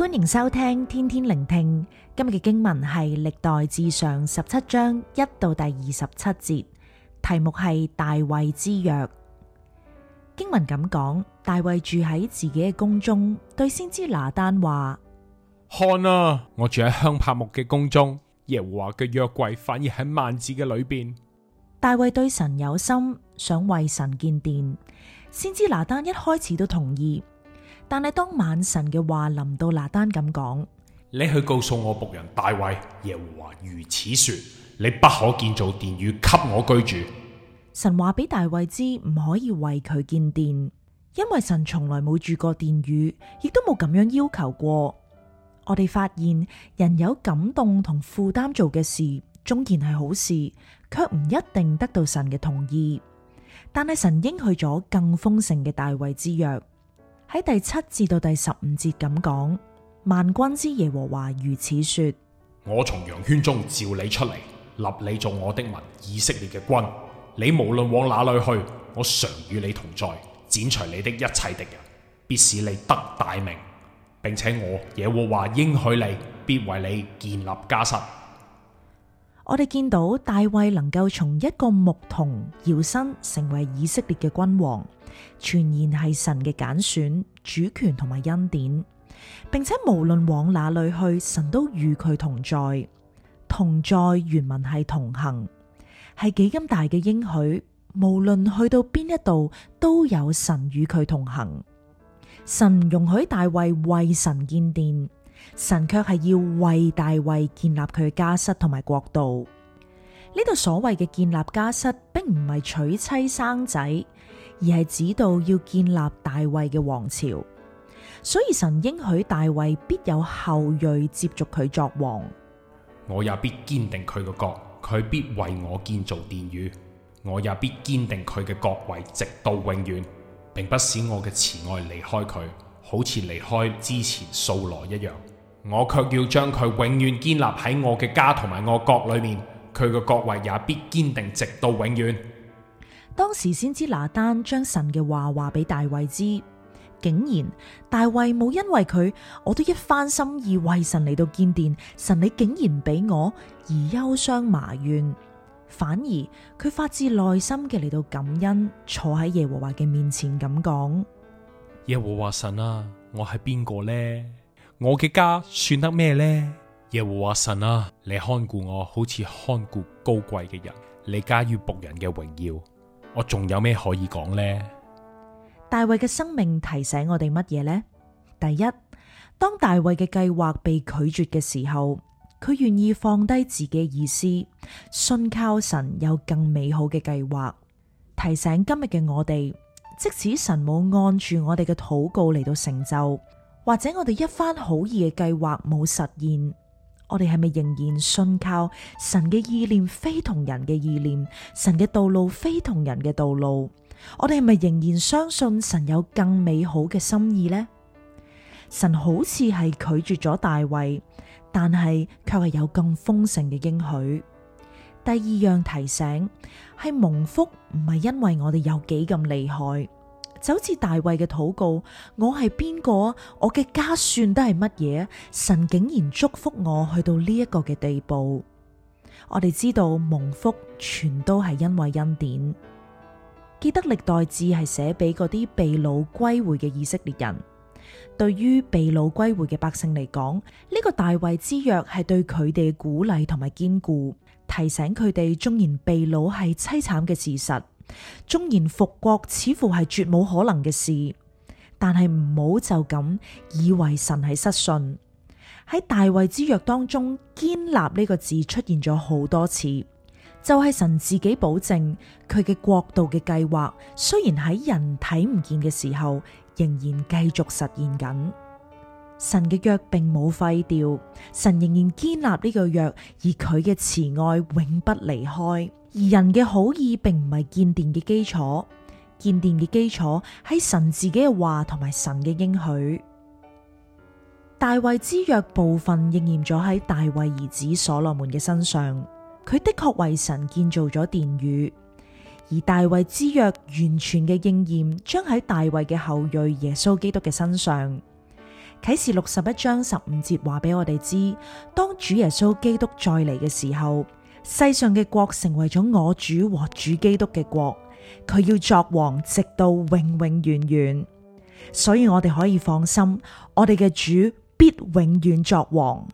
歡迎收聽天天聆聽。今日嘅經文係歷代志上十七章一到第二十七節，題目係大衛之約。經文咁講，大衛住喺自己嘅宮中，對先知拿單話：，看啊，我住喺香柏木嘅宮中，耶和華嘅約櫃反而喺幔子嘅裏邊。大衛對神有心，想為神建殿，先知拿單一開始都同意。但係當晚，神嘅話臨到拿單咁講：，你去告訴我僕人大衛，耶和華如此說：，你不可建造殿宇給我居住。神話俾大衛知唔可以為佢建殿，因為神從來冇住過殿宇，亦都冇咁樣要求過。我哋發現人有感動同負擔做嘅事，縱然係好事，卻唔一定得到神嘅同意。但係神應許咗更豐盛嘅大衛之約。喺第七至到第十五節咁講，萬軍之耶和華如此說：我從羊圈中召你出嚟，立你做我的民以色列嘅君。你無論往哪裏去，我常與你同在，剪除你的一切敵人，必使你得大名，並且我耶和華應許你，必為你建立家室。我哋見到大衛能夠從一個牧童搖身成為以色列嘅君王，全然係神嘅揀選、主權同埋恩典，並且無論往哪裡去，神都與佢同在。同在原文係同行，係幾咁大嘅應許。無論去到邊一度，都有神與佢同行。神容許大衛為神建殿。神卻係要為大衛建立佢嘅家室同埋國度。呢度所謂嘅建立家室，並唔係娶妻生仔，而係指到要建立大衛嘅王朝。所以神應許大衛必有後裔接續佢作王我我。我也必堅定佢嘅國，佢必為我建造殿宇。我也必堅定佢嘅國位直到永遠，並不使我嘅慈愛離開佢，好似離開之前掃羅一樣。我卻要將佢永遠建立喺我嘅家同埋我國裏面，佢嘅國位也必堅定直到永遠。當時先知拿單將神嘅話話俾大衛知，竟然大衛冇因為佢，我都一番心意為神嚟到建殿，神你竟然俾我而憂傷埋怨，反而佢發自內心嘅嚟到感恩，坐喺耶和華嘅面前咁講：「耶和華神啊，我係邊個呢？」我嘅家算得咩呢？耶和華神啊，你看顧我，好似看顧高貴嘅人，你加於僕人嘅榮耀，我仲有咩可以講呢？大衛嘅生命提醒我哋乜嘢呢？第一，當大衛嘅計劃被拒絕嘅時候，佢願意放低自己意思，信靠神有更美好嘅計劃，提醒今日嘅我哋，即使神冇按住我哋嘅禱告嚟到成就。或者我哋一番好意嘅計劃冇實現，我哋係咪仍然信靠神嘅意念非同人嘅意念，神嘅道路非同人嘅道路？我哋係咪仍然相信神有更美好嘅心意呢？神好似係拒絕咗大衛，但係卻係有更豐盛嘅應許。第二樣提醒係蒙福，唔係因為我哋有幾咁厲害。就好似大衛嘅禱告，我係邊個？我嘅家算都係乜嘢？神竟然祝福我去到呢一個嘅地步。我哋知道蒙福全都係因為恩典。記得歷代志係寫俾嗰啲被擄歸回嘅以色列人。對於被擄歸回嘅百姓嚟講，呢個大衛之約係對佢哋鼓勵同埋堅固，提醒佢哋縱然被擄係凄慘嘅事實。縱然復國似乎係絕冇可能嘅事，但係唔好就咁以為神係失信。喺大衛之約當中，堅立呢個字出現咗好多次，就係神自己保證佢嘅國度嘅計劃，雖然喺人睇唔見嘅時候，仍然繼續實現緊。神嘅約並冇廢掉，神仍然堅立呢個約，而佢嘅慈愛永不離開。而人嘅好意並唔係建殿嘅基礎，建殿嘅基礎係神自己嘅話同埋神嘅應許。大衛之約部分應驗咗喺大衛兒子所羅門嘅身上，佢的確為神建造咗殿宇。而大衛之約完全嘅應驗將喺大衛嘅後裔耶穌基督嘅身上。啟示錄十一章十五節話俾我哋知，當主耶穌基督再嚟嘅時候。世上嘅國成為咗我主和主基督嘅國，佢要作王直到永永遠遠，遠，所以我哋可以放心，我哋嘅主必永遠作王。